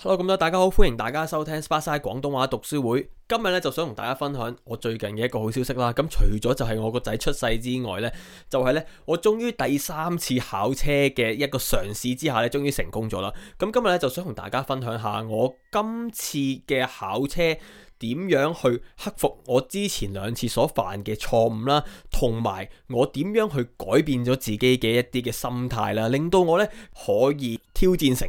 Hello 咁多位，大家好，歡迎大家收聽《Sparksine 廣東話讀書會》今呢。今日咧就想同大家分享我最近嘅一個好消息啦。咁、嗯、除咗就係我個仔出世之外咧，就係、是、咧我終於第三次考車嘅一個嘗試之下咧，終於成功咗啦。咁、嗯、今日咧就想同大家分享下我今次嘅考車點樣去克服我之前兩次所犯嘅錯誤啦，同埋我點樣去改變咗自己嘅一啲嘅心態啦，令到我咧可以挑戰成。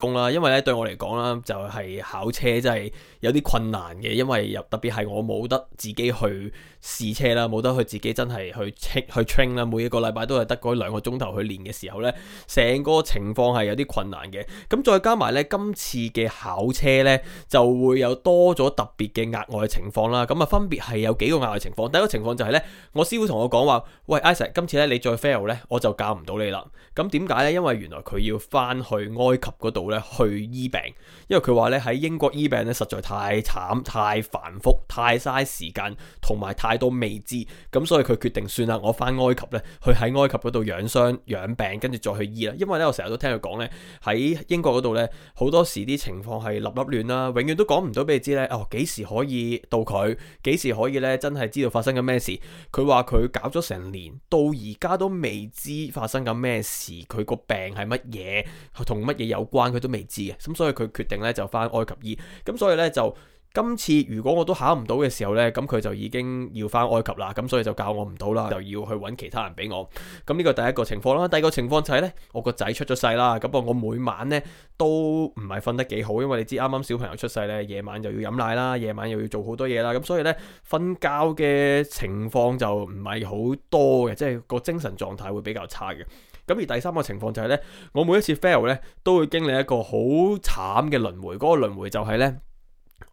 工啦，就是，因為咧對我嚟講啦，就係考車真係有啲困難嘅，因為又特別係我冇得自己去試車啦，冇得去自己真係去去 train 啦，每一個禮拜都係得嗰兩個鐘頭去練嘅時候咧，成個情況係有啲困難嘅。咁、嗯、再加埋咧，今次嘅考車咧就會有多咗特別嘅額外情況啦。咁、嗯、啊，分別係有幾個額外情況。第一個情況就係咧，我師傅同我講話，喂，Isaac，今次咧你再 fail 咧，我就教唔到你啦。咁點解咧？因為原來佢要翻去埃及嗰度。去醫病，因為佢話咧喺英國醫病咧實在太慘、太繁複、太嘥時間，同埋太多未知，咁所以佢決定算啦，我返埃及咧去喺埃及嗰度養傷、養病，跟住再去醫啦。因為咧我成日都聽佢講咧喺英國嗰度咧好多時啲情況係立立亂啦，永遠都講唔到俾你知咧，哦幾時可以到，佢幾時可以咧真係知道發生緊咩事。佢話佢搞咗成年，到而家都未知發生緊咩事，佢個病係乜嘢，同乜嘢有關。都未知嘅，咁所以佢決定咧就翻埃及醫，咁所以咧就今次如果我都考唔到嘅時候咧，咁佢就已經要翻埃及啦，咁所以就教我唔到啦，就要去揾其他人俾我。咁呢個第一個情況啦，第二個情況就係咧，我個仔出咗世啦，咁我每晚咧都唔係瞓得幾好，因為你知啱啱小朋友出世咧，夜晚又要飲奶啦，夜晚又要做好多嘢啦，咁所以咧瞓覺嘅情況就唔係好多嘅，即係個精神狀態會比較差嘅。咁而第三個情況就係呢：我每一次 fail 呢，都會經歷一個好慘嘅輪迴。嗰個輪迴就係呢，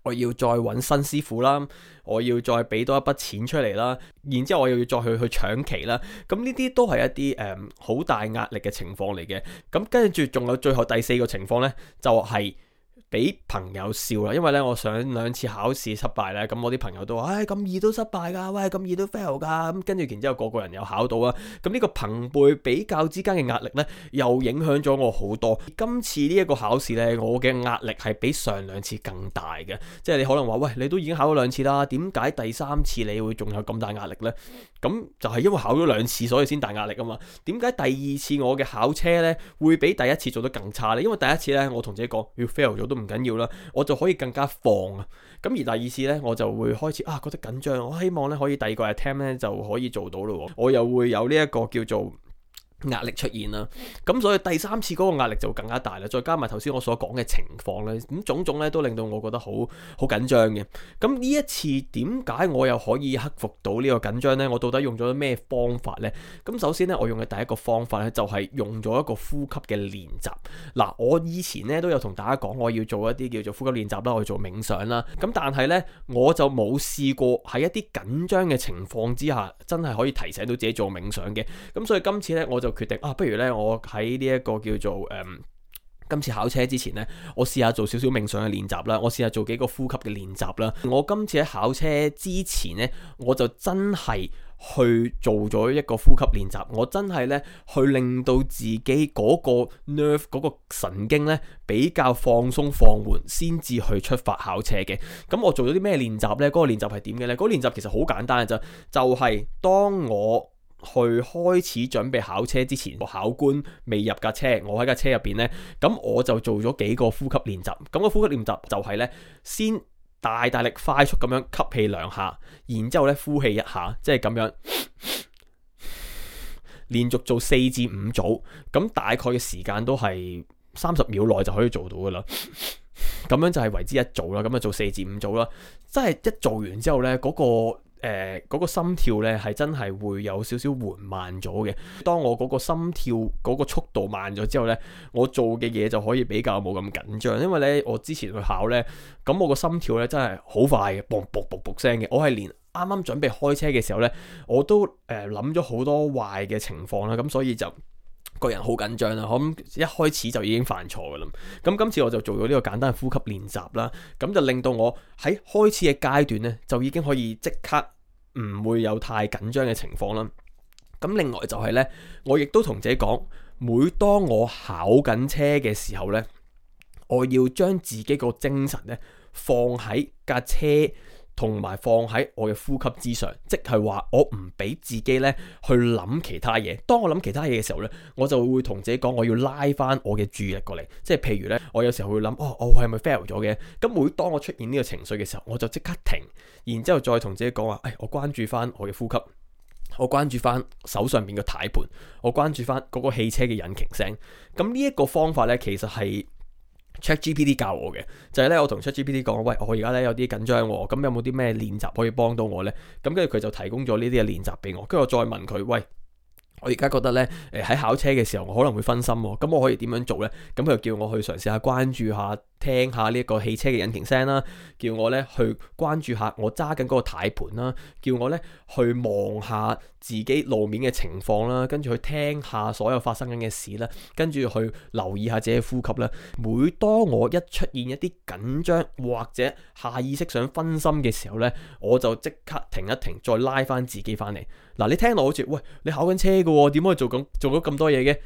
我要再揾新師傅啦，我要再俾多一筆錢出嚟啦，然之後我又要再去去搶期啦。咁呢啲都係一啲誒好大壓力嘅情況嚟嘅。咁跟住仲有最後第四個情況呢，就係。俾朋友笑啦，因為咧我上兩次考試失敗咧，咁我啲朋友都話，唉、哎、咁易都失敗噶，喂咁易都 fail 噶，咁跟住然之後個個人又考到啊，咁呢個朋輩比較之間嘅壓力呢，又影響咗我好多。今次呢一個考試呢，我嘅壓力係比上兩次更大嘅，即係你可能話，喂你都已經考咗兩次啦，點解第三次你會仲有咁大壓力呢？」咁就係因為考咗兩次所以先大壓力啊嘛。點解第二次我嘅考車呢，會比第一次做得更差呢？因為第一次呢，我同自己講要 fail 咗都。唔緊要啦，我就可以更加放啊！咁而第二次呢，我就會開始啊，覺得緊張。我希望呢，可以第二個 attempt 呢，就可以做到咯。我又會有呢一個叫做，壓力出現啦，咁所以第三次嗰個壓力就更加大啦，再加埋頭先我所講嘅情況咧，咁種種咧都令到我覺得好好緊張嘅。咁呢一次點解我又可以克服到呢個緊張呢？我到底用咗咩方法呢？咁首先呢，我用嘅第一個方法咧就係用咗一個呼吸嘅練習。嗱，我以前呢都有同大家講，我要做一啲叫做呼吸練習啦，我要做冥想啦。咁但係呢，我就冇試過喺一啲緊張嘅情況之下真係可以提醒到自己做冥想嘅。咁所以今次呢，我就決定啊，不如咧，我喺呢一個叫做誒、嗯，今次考車之前呢，我試下做少少冥想嘅練習啦，我試下做幾個呼吸嘅練習啦。我今次喺考車之前呢，我就真係去做咗一個呼吸練習，我真係呢，去令到自己嗰個 nerve 嗰個神經呢，比較放鬆放緩，先至去出發考車嘅。咁我做咗啲咩練習呢？嗰個練習係點嘅呢？嗰個練習其實好簡單嘅啫，就係，就係當我。去開始準備考車之前，個考官未入架車，我喺架車入邊呢，咁我就做咗幾個呼吸練習。咁個呼吸練習就係呢，先大大力快速咁樣吸氣兩下，然之後咧呼氣一下，即係咁樣，連續做四至五組，咁大概嘅時間都係三十秒內就可以做到噶啦。咁樣就係為之一組啦，咁啊做四至五組啦，真係一做完之後呢，嗰個。誒嗰、呃嗰個心跳呢係真係會有少少緩慢咗嘅。當我嗰個心跳嗰個速度慢咗之後呢，我做嘅嘢就可以比較冇咁緊張。因為呢，我之前去考呢，咁我個心跳呢真係好快嘅，嘣嘣嘣嘣聲嘅。我係連啱啱準備開車嘅時候呢，我都誒諗咗好多壞嘅情況啦。咁、嗯、所以就。個人好緊張啦，我諗一開始就已經犯錯噶啦。咁今次我就做咗呢個簡單呼吸練習啦，咁就令到我喺開始嘅階段呢，就已經可以即刻唔會有太緊張嘅情況啦。咁另外就係呢，我亦都同自己講，每當我考緊車嘅時候呢，我要將自己個精神呢放喺架車。同埋放喺我嘅呼吸之上，即係話我唔俾自己咧去諗其他嘢。當我諗其他嘢嘅時候呢，我就會同自己講，我要拉翻我嘅注意力過嚟。即係譬如呢，我有時候會諗哦，我係咪 fail 咗嘅？咁每當我出現呢個情緒嘅時候，我就即刻停，然之後再同自己講話，誒、哎，我關注翻我嘅呼吸，我關注翻手上面嘅軚盤，我關注翻嗰個汽車嘅引擎聲。咁呢一個方法呢，其實係。ChatGPT 教我嘅就係咧，我同 ChatGPT 講：「喂，我而家咧有啲緊張喎，咁、嗯、有冇啲咩練習可以幫到我咧？」咁跟住佢就提供咗呢啲嘅練習俾我，跟住我再問佢：喂。我而家覺得呢，誒喺考車嘅時候，我可能會分心喎、哦。咁我可以點樣做呢？咁佢又叫我去嘗試下關注下、聽下呢一個汽車嘅引擎聲啦，叫我呢去關注下我揸緊嗰個軚盤啦，叫我呢去望下自己路面嘅情況啦，跟住去聽下所有發生緊嘅事啦，跟住去留意下自己呼吸啦。每當我一出現一啲緊張或者下意識想分心嘅時候呢，我就即刻停一停，再拉翻自己翻嚟。嗱，你聽落好似，喂，你考緊車。點可以做咁做咗咁多嘢嘅？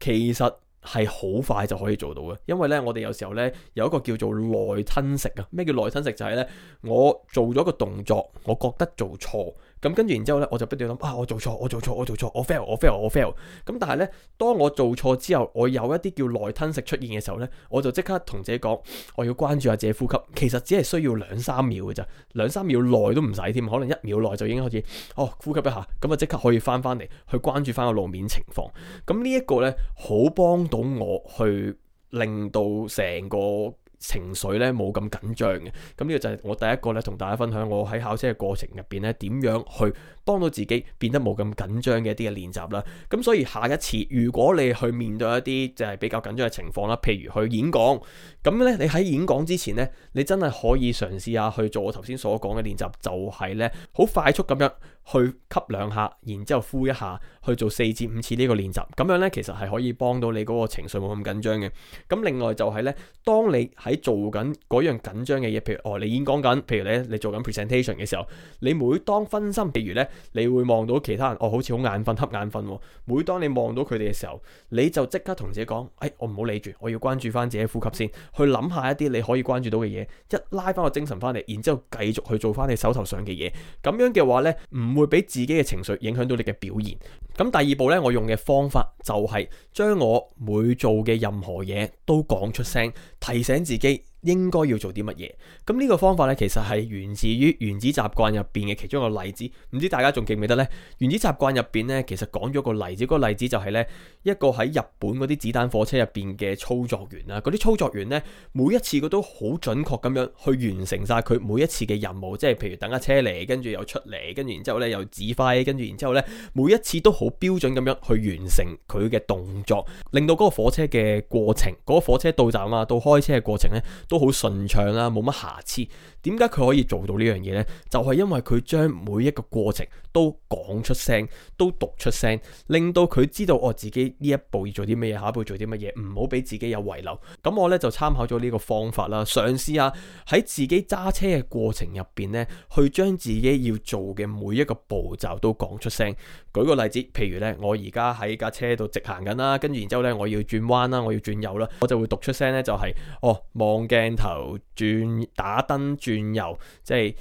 其實係好快就可以做到嘅，因為咧，我哋有時候咧有一個叫做內吞食啊。咩叫內吞食？就係咧，我做咗個動作，我覺得做錯。咁跟住，然之後呢，我就不斷諗啊，我做錯，我做錯，我做錯，我 fail，我 fail，我 fail。咁但係呢，當我做錯之後，我有一啲叫內吞食出現嘅時候呢，我就即刻同自己講，我要關注下自己呼吸。其實只係需要兩三秒嘅咋，兩三秒內都唔使添，可能一秒內就已經開始哦，呼吸一下，咁啊即刻可以翻翻嚟去關注翻個路面情況。咁呢一個呢，好幫到我去令到成個情緒咧冇咁緊張嘅，咁呢個就係我第一個咧同大家分享，我喺考車嘅過程入邊咧點樣去幫到自己變得冇咁緊張嘅一啲嘅練習啦。咁所以下一次如果你去面對一啲就係比較緊張嘅情況啦，譬如去演講，咁咧你喺演講之前呢，你真係可以嘗試下去做我頭先所講嘅練習，就係咧好快速咁樣。去吸兩下，然之後呼一下，去做四至五次呢個練習，咁樣呢，其實係可以幫到你嗰個情緒冇咁緊張嘅。咁另外就係呢，當你喺做緊嗰樣緊張嘅嘢，譬如哦你演講緊，譬如咧你做緊 presentation 嘅時候，你每當分心，譬如呢，你會望到其他人，哦好似好眼瞓，瞌眼瞓。每當你望到佢哋嘅時候，你就即刻同自己講：誒、哎、我唔好理住，我要關注翻自己呼吸先，去諗下一啲你可以關注到嘅嘢，一拉翻個精神翻嚟，然之後繼續去做翻你手頭上嘅嘢。咁樣嘅話呢，唔會俾自己嘅情緒影響到你嘅表現。咁第二步呢，我用嘅方法就係將我每做嘅任何嘢都講出聲，提醒自己。應該要做啲乜嘢？咁呢個方法呢，其實係源自於原子習慣入邊嘅其中一個例子，唔知大家仲記唔記得呢？原子習慣入邊呢，其實講咗個例子，嗰個例子就係呢一個喺日本嗰啲子彈火車入邊嘅操作員啦。嗰啲操作員呢，每一次佢都好準確咁樣去完成晒佢每一次嘅任務，即係譬如等架車嚟，跟住又出嚟，跟住然之後呢又指揮，跟住然之後呢每一次都好標準咁樣去完成佢嘅動作，令到嗰個火車嘅過程，嗰、嗰個火車到站啊，到開車嘅過程呢。都好順暢啦，冇乜瑕疵。點解佢可以做到呢樣嘢呢？就係因為佢將每一個過程都講出聲，都讀出聲，令到佢知道我自己呢一步要做啲咩嘢，下一步做啲乜嘢，唔好俾自己有遺留。咁我呢就參考咗呢個方法啦，嘗試下喺自己揸車嘅過程入邊呢，去將自己要做嘅每一個步驟都講出聲。舉個例子，譬如咧，我而家喺架車度直行緊啦，跟住然之後咧，我要轉彎啦，我要轉右啦，我就會讀出聲咧、就是，就係哦，望鏡頭轉打燈轉右，即係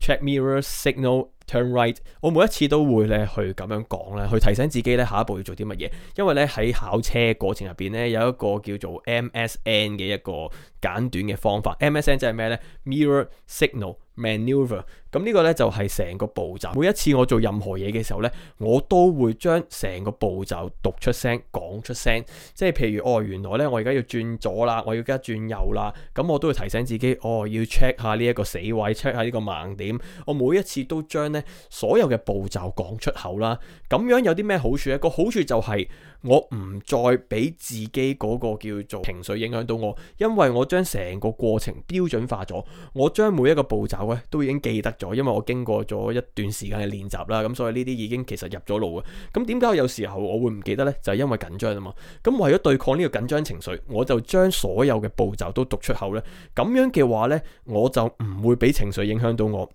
check mirror signal turn right。我每一次都會咧去咁樣講咧，去提醒自己咧下一步要做啲乜嘢，因為咧喺考車過程入邊咧有一個叫做 MSN 嘅一個簡短嘅方法。MSN 即係咩咧？Mirror signal manoeuvre。咁呢個呢，就係成個步驟。每一次我做任何嘢嘅時候呢，我都會將成個步驟讀出聲、講出聲。即係譬如哦，原來呢，我而家要轉左啦，我要而家轉右啦。咁我都會提醒自己哦，要 check 下呢一個死位，check 下呢個盲點。我每一次都將呢所有嘅步驟講出口啦。咁樣有啲咩好處呢？個好處就係我唔再俾自己嗰個叫做情緒影響到我，因為我將成個過程標準化咗，我將每一個步驟呢，都已經記得。因為我經過咗一段時間嘅練習啦，咁所以呢啲已經其實入咗腦嘅。咁點解有時候我會唔記得呢？就係因為緊張啊嘛。咁為咗對抗呢個緊張情緒，我就將所有嘅步驟都讀出口咧。咁樣嘅話呢，我就唔會俾情緒影響到我。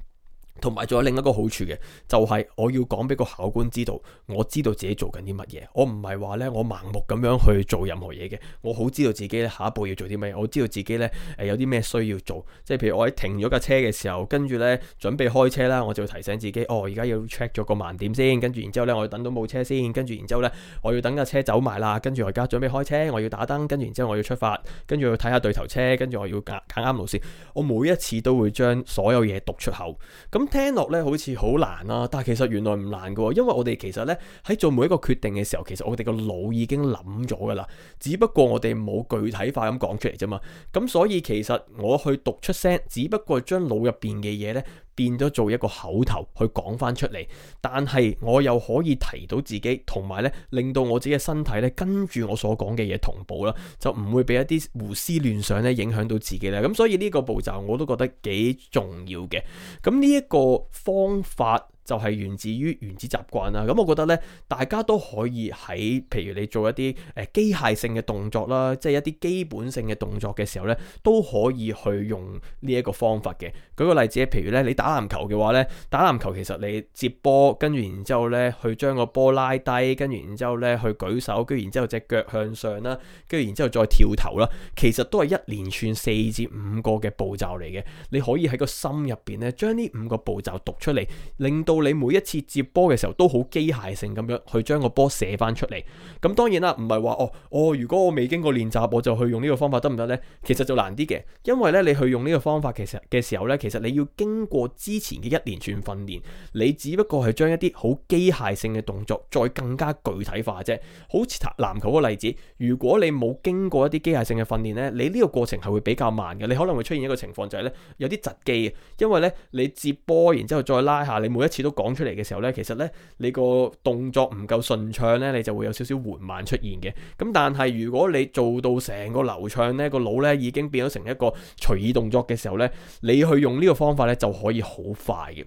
同埋仲有另一個好處嘅，就係我要講俾個考官知道，我知道自己做緊啲乜嘢。我唔係話呢，我盲目咁樣去做任何嘢嘅。我好知道自己下一步要做啲咩。我知道自己呢有啲咩需要做。即係譬如我喺停咗架車嘅時候，跟住呢準備開車啦，我就要提醒自己，哦，而家要 check 咗個盲點先。跟住然之後呢，我要等到冇車先。跟住然之後呢，我要等架車走埋啦。跟住我而家準備開車，我要打燈。跟住然之後我要出發。跟住要睇下對頭車。跟住我要揀啱路線。我每一次都會將所有嘢讀出口。咁聽落咧好似好難啊，但係其實原來唔難噶，因為我哋其實咧喺做每一個決定嘅時候，其實我哋個腦已經諗咗噶啦，只不過我哋冇具體化咁講出嚟啫嘛，咁所以其實我去讀出聲，只不過將腦入邊嘅嘢咧。變咗做一個口頭去講翻出嚟，但係我又可以提到自己，同埋咧令到我自己嘅身體咧跟住我所講嘅嘢同步啦，就唔會俾一啲胡思亂想咧影響到自己啦。咁所以呢個步驟我都覺得幾重要嘅。咁呢一個方法。就係源自於原子習慣啦，咁我覺得咧，大家都可以喺譬如你做一啲誒機械性嘅動作啦，即係一啲基本性嘅動作嘅時候咧，都可以去用呢一個方法嘅。舉個例子，譬如咧，你打籃球嘅話咧，打籃球其實你接波，跟住然之後咧，去將個波拉低，跟住然之後咧，去舉手，跟住然之後隻腳向上啦，跟住然之後再跳投啦，其實都係一連串四至五個嘅步驟嚟嘅。你可以喺個心入邊咧，將呢五個步驟讀出嚟，令到你每一次接波嘅時候都好機械性咁樣去將個波射翻出嚟。咁當然啦，唔係話哦，我、哦、如果我未經過練習，我就去用呢個方法得唔得呢？其實就難啲嘅，因為咧你去用呢個方法其實嘅時候呢，其實你要經過之前嘅一連串訓練，你只不過係將一啲好機械性嘅動作再更加具體化啫。好似籃球個例子，如果你冇經過一啲機械性嘅訓練呢，你呢個過程係會比較慢嘅，你可能會出現一個情況就係呢：有啲窒機，因為呢，你接波，然之後再拉下你每一次。都講出嚟嘅時候呢，其實呢，你個動作唔夠順暢呢，你就會有少少緩慢出現嘅。咁但係如果你做到成個流暢呢，個腦呢已經變咗成一個隨意動作嘅時候呢，你去用呢個方法呢，就可以好快嘅。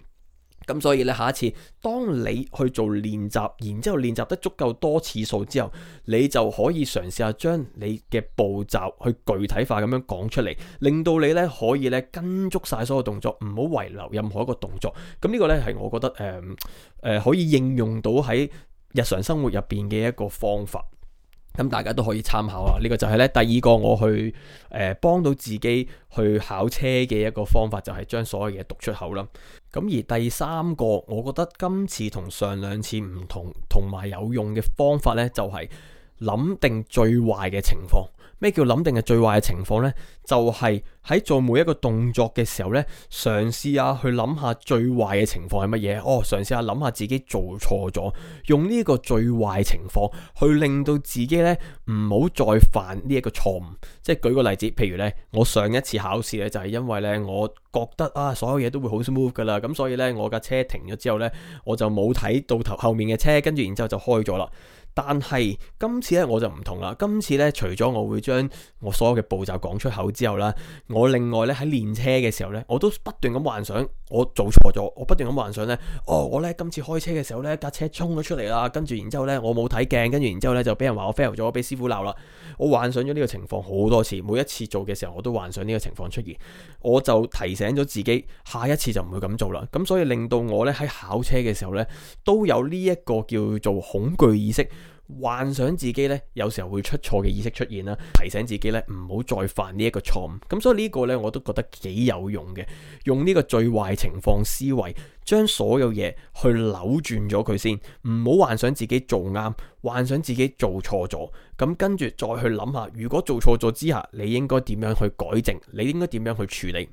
咁所以咧，下一次當你去做練習，然之後練習得足夠多次數之後，你就可以嘗試下將你嘅步驟去具體化咁樣講出嚟，令到你咧可以咧跟足晒所有動作，唔好遺留任何一個動作。咁呢個咧係我覺得誒誒、呃呃、可以應用到喺日常生活入邊嘅一個方法。咁大家都可以參考啦，呢、呢個就係呢第二個我去誒幫、呃、到自己去考車嘅一個方法，就係、係、將所有嘢讀出口啦。咁而第三個，我覺得今次，上兩次同上兩次唔同同埋有用嘅方法呢，就係、係。諗定最壞嘅情況，咩叫諗定係最壞嘅情況呢？就係喺做每一個動作嘅時候呢，嘗試下去諗下最壞嘅情況係乜嘢。哦，嘗試下諗下自己做錯咗，用呢個最壞情況去令到自己呢唔好再犯呢一個錯誤。即係舉個例子，譬如呢，我上一次考試呢，就係因為呢我覺得啊所有嘢都會好 smooth 噶啦，咁所以呢，我架車停咗之後呢，我就冇睇到頭後面嘅車，跟住然之後就開咗啦。但係今次咧，我就唔同啦，今次咧除咗我會將我所有嘅步驟講出口之後啦，我另外咧喺練車嘅時候咧，我都不斷咁幻想我做錯咗，我不斷咁幻想咧，哦，我咧今次開車嘅時候咧，架車衝咗出嚟啦，跟住然之後咧我冇睇鏡，跟住然之後咧就俾人話我 fail 咗，俾師傅鬧啦，我幻想咗呢個情況好多次，每一次做嘅時候我都幻想呢個情況出現，我就提醒咗自己下一次就唔會咁做啦，咁所以令到我咧喺考車嘅時候咧都有呢一個叫做恐懼意識。幻想自己呢，有時候會出錯嘅意識出現啦，提醒自己呢唔好再犯呢一個錯誤。咁所以呢個呢，我都覺得幾有用嘅，用呢個最壞情況思維，將所有嘢去扭轉咗佢先，唔好幻想自己做啱，幻想自己做錯咗。咁跟住再去諗下，如果做錯咗之下，你應該點樣去改正？你應該點樣去處理？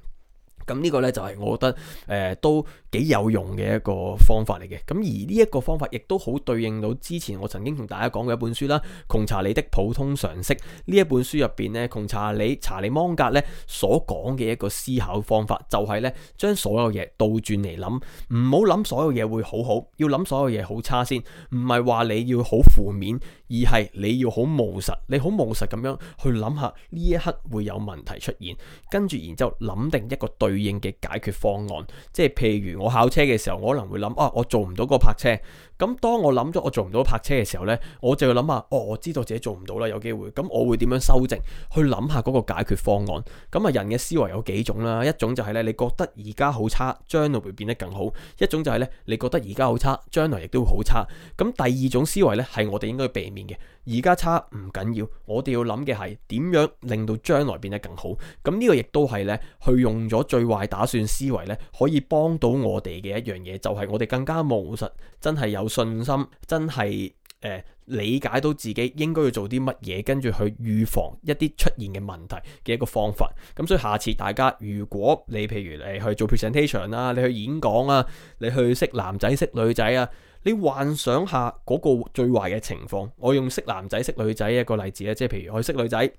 咁呢個呢，就係我覺得誒、呃、都幾有用嘅一個方法嚟嘅。咁而呢一個方法亦都好對應到之前我曾經同大家講過一本書啦，《窮查理的普通常識》呢一本書入邊呢，窮查理查理芒格呢所講嘅一個思考方法，就係呢將所有嘢倒轉嚟諗，唔好諗所有嘢會好好，要諗所有嘢好差先。唔係話你要好負面，而係你要好務實，你好務實咁樣去諗下呢一刻會有問題出現，跟住然之後諗定一個對對應嘅解決方案，即係譬如我考車嘅時候，我可能會諗啊，我做唔到個泊車。咁當我諗咗我做唔到泊車嘅時候呢，我就要諗下，哦，我知道自己做唔到啦，有機會，咁我會點樣修正？去諗下嗰個解決方案。咁啊，人嘅思維有幾種啦？一種就係呢，你覺得而家好差，將來會變得更好；一種就係呢，你覺得而家好差，將來亦都會好差。咁第二種思維呢，係我哋應該避免嘅。而家差唔緊要，我哋要諗嘅係點樣令到將來變得更好。咁呢個亦都係呢去用咗最壞打算思維呢，可以幫到我哋嘅一樣嘢，就係我哋更加務實，真係有。信心真係誒、呃，理解到自己應該要做啲乜嘢，跟住去預防一啲出現嘅問題嘅一個方法。咁所以下次大家，如果你譬如你去做 presentation 啊，你去演講啊，你去識男仔識女仔啊，你幻想下嗰個最壞嘅情況。我用識男仔識女仔一個例子咧，即係譬如我識女仔。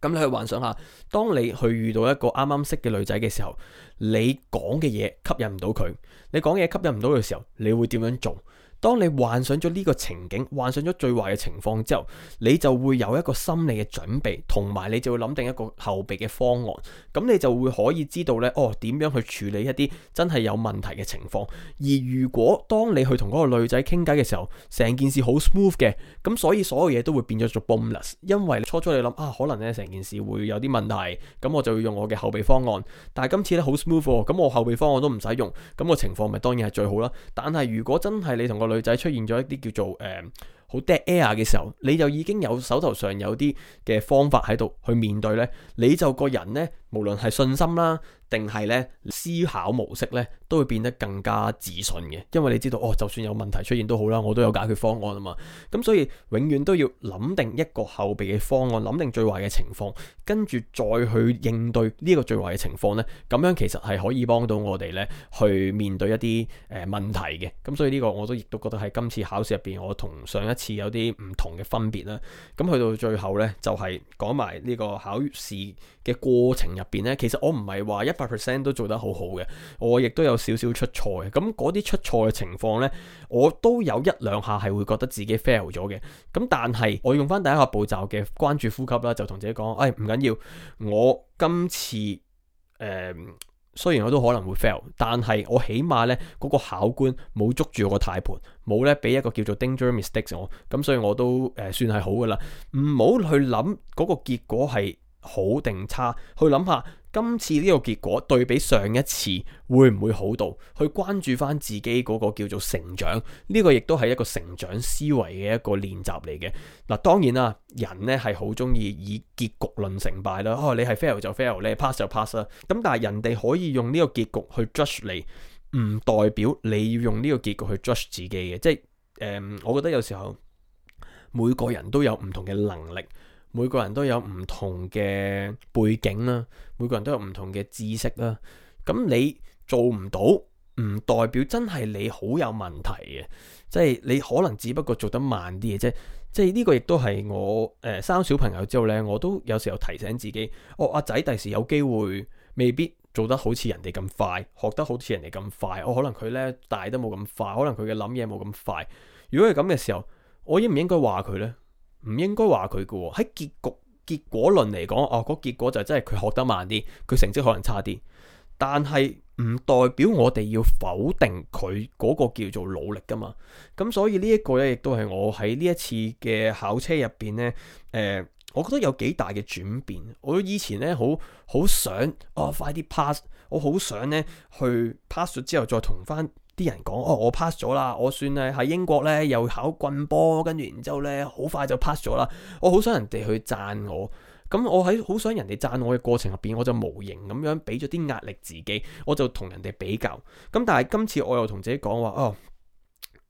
咁你去幻想下，當你去遇到一個啱啱識嘅女仔嘅時候，你講嘅嘢吸引唔到佢，你講嘢吸引唔到佢嘅時候，你會點樣做？當你幻想咗呢個情景，幻想咗最壞嘅情況之後，你就會有一個心理嘅準備，同埋你就會諗定一個後備嘅方案。咁你就會可以知道呢，哦，點樣去處理一啲真係有問題嘅情況。而如果當你去同嗰個女仔傾偈嘅時候，成件事好 smooth 嘅，咁所以所有嘢都會變咗做 bonus。因為你初初你諗啊，可能呢成件事會有啲問題，咁我就要用我嘅後備方案。但係今次呢，好 smooth，咁我後備方案都唔使用，用，咁個情況咪當然係最好啦。但係如果真係你同個，女仔出現咗一啲叫做誒好、呃、dead air 嘅時候，你就已經有手頭上有啲嘅方法喺度去面對呢，你就個人呢。無論係信心啦，定係咧思考模式咧，都會變得更加自信嘅。因為你知道，哦，就算有問題出現都好啦，我都有解決方案啊嘛。咁所以永遠都要諗定一個後備嘅方案，諗定最壞嘅情況，跟住再去應對呢個最壞嘅情況咧。咁樣其實係可以幫到我哋咧去面對一啲誒、呃、問題嘅。咁所以呢個我都亦都覺得喺今次考試入邊，我同上一次有啲唔同嘅分別啦。咁去到最後咧，就係講埋呢個考試嘅過程。入邊咧，其實我唔係話一百 percent 都做得好好嘅，我亦都有少少出錯嘅。咁嗰啲出錯嘅情況呢，我都有一兩下係會覺得自己 fail 咗嘅。咁但係我用翻第一個步驟嘅關注呼吸啦，就同自己講：誒、哎，唔緊要。我今次誒、呃，雖然我都可能會 fail，但係我起碼呢嗰、嗰個考官冇捉住我個軚盤，冇呢俾一個叫做 danger mistakes 我。咁所以我都誒算係好噶啦。唔好去諗嗰個結果係。好定差，去諗下今次呢個結果對比上一次會唔會好到？去關注翻自己嗰個叫做成長，呢個亦都係一個成長思維嘅一個練習嚟嘅。嗱，當然啦，人呢係好中意以結局論成敗啦。哦，你係 fail 就 fail，你係 pass 就 pass 啦。咁但係人哋可以用呢個結局去 judge 你，唔代表你要用呢個結局去 judge 自己嘅。即係，呃，我覺得有時候每個人都有唔同嘅能力。每個人都有唔同嘅背景啦，每個人都有唔同嘅知識啦。咁你做唔到，唔代表真係你好有問題嘅，即係你可能只不過做得慢啲嘅啫。即係呢個亦都係我誒生、呃、小朋友之後呢，我都有時候提醒自己，哦，阿仔第時有機會未必做得好似人哋咁快，學得好似人哋咁快。我、哦、可能佢呢大得冇咁快，可能佢嘅諗嘢冇咁快。如果係咁嘅時候，我應唔應該話佢呢？唔應該話佢嘅。喺結局結果論嚟講，哦，嗰、那個、結果就真係佢學得慢啲，佢成績可能差啲，但係唔代表我哋要否定佢嗰個叫做努力噶嘛。咁所以呢一個呢，亦都係我喺呢一次嘅考車入邊呢，誒，我覺得有幾大嘅轉變。我以前呢，好好想啊、哦，快啲 pass，我好想呢去 pass 咗之後再同返。啲人講哦，我 pass 咗啦，我算係喺英國呢又考棍波，跟住然之後呢，好快就 pass 咗啦。我好想人哋去讚我，咁我喺好想人哋讚我嘅過程入邊，我就無形咁樣俾咗啲壓力自己，我就同人哋比較。咁但係今次我又同自己講話哦、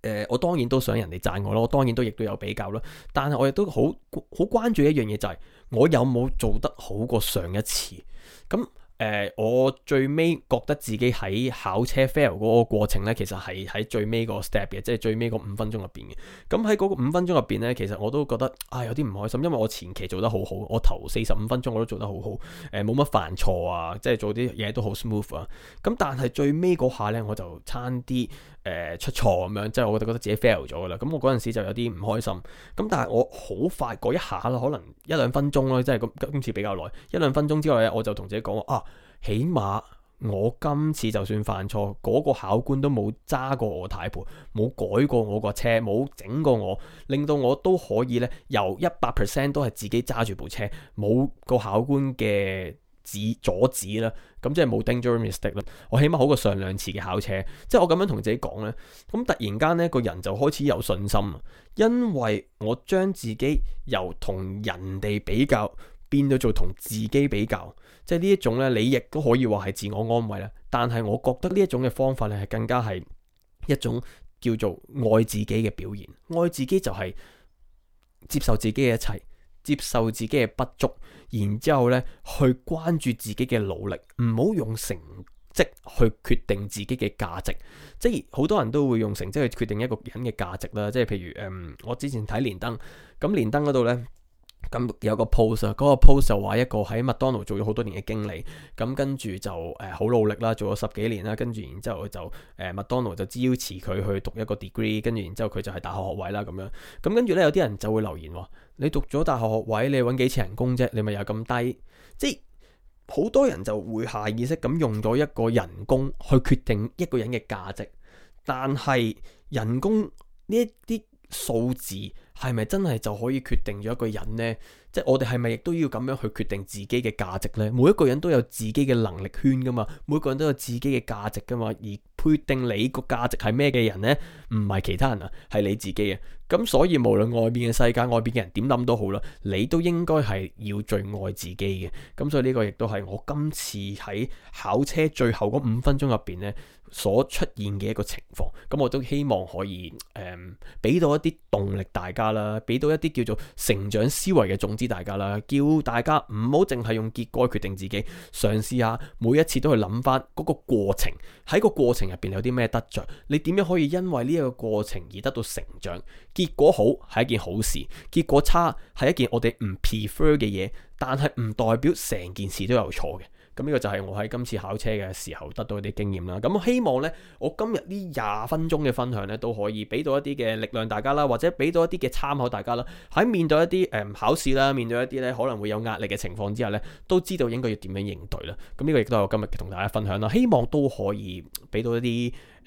呃，我當然都想人哋讚我咯，我當然都亦都有比較啦。但係我亦都好好關注一樣嘢，就係、是、我有冇做得好過上一次咁。誒、呃，我最尾覺得自己喺考車 fail 嗰個過程咧，其實係喺最尾個 step 嘅，即係最尾嗰五分鐘入邊嘅。咁喺嗰個五分鐘入邊咧，其實我都覺得啊、哎，有啲唔開心，因為我前期做得好好，我頭四十五分鐘我都做得好好，誒、呃，冇乜犯錯啊，即係做啲嘢都好 smooth 啊。咁但係最尾嗰下咧，我就差啲誒、呃、出錯咁樣，即係我覺得覺得自己 fail 咗噶啦。咁我嗰陣時就有啲唔開心。咁但係我好快嗰一下咯，可能一兩分鐘啦，即係今次比較耐，一兩分鐘之後咧，我就同自己講啊。起碼我今次就算犯錯，嗰、那個考官都冇揸過我軚盤，冇改過我個車，冇整過我，令到我都可以呢由一百 percent 都係自己揸住部車，冇個考官嘅指阻止啦，咁即係冇 dangerous mistake 啦。我起碼好過上兩次嘅考車，即係我咁樣同自己講呢，咁突然間呢個人就開始有信心，因為我將自己由同人哋比較。變到做同自己比較，即係呢一種呢，你亦都可以話係自我安慰啦。但係我覺得呢一種嘅方法咧，係更加係一種叫做愛自己嘅表現。愛自己就係接受自己嘅一切，接受自己嘅不足，然之後呢去關注自己嘅努力，唔好用成績去決定自己嘅價值。即係好多人都會用成績去決定一個人嘅價值啦。即係譬如誒、嗯，我之前睇連登，咁連登嗰度呢。咁有個 post 啊，嗰、嗰個 post 就話一個喺麥當勞做咗好多年嘅經理，咁跟住就誒好、呃、努力啦，做咗十幾年啦，跟住然之後就誒、呃、麥當勞就支持佢去讀一個 degree，跟住然之後佢就係大學學位啦咁樣。咁跟住咧有啲人就會留言話：你讀咗大學學位，你揾幾錢人工啫？你咪又咁低。即係好多人就會下意識咁用咗一個人工去決定一個人嘅價值，但係人工呢一啲數字。係咪真係就可以決定咗一個人呢？即係我哋係咪亦都要咁樣去決定自己嘅價值呢？每一個人都有自己嘅能力圈噶嘛，每個人都有自己嘅價值噶嘛。而判定你個價值係咩嘅人呢？唔係其他人啊，係你自己啊！咁所以無論外面嘅世界、外邊嘅人點諗都好啦，你都應該係要最愛自己嘅。咁所以呢個亦都係我今次喺考車最後嗰五分鐘入邊呢所出現嘅一個情況。咁我都希望可以誒，俾、嗯、到一啲動力大家啦，俾到一啲叫做成長思維嘅種子大家啦，叫大家唔好淨係用結果決定自己，嘗試下每一次都去諗翻嗰個過程，喺個過程入邊有啲咩得着。你點樣可以因為呢一個過程而得到成長。結果好係一件好事，結果差係一件我哋唔 prefer 嘅嘢，但係唔代表成件事都有錯嘅。咁呢個就係我喺今次考車嘅時候得到一啲經驗啦。咁希望呢，我今日呢廿分鐘嘅分享呢，都可以俾到一啲嘅力量大家啦，或者俾到一啲嘅參考大家啦。喺面對一啲誒、嗯、考試啦，面對一啲呢可能會有壓力嘅情況之下呢，都知道應該要點樣應對啦。咁呢個亦都係我今日同大家分享啦，希望都可以俾到一啲。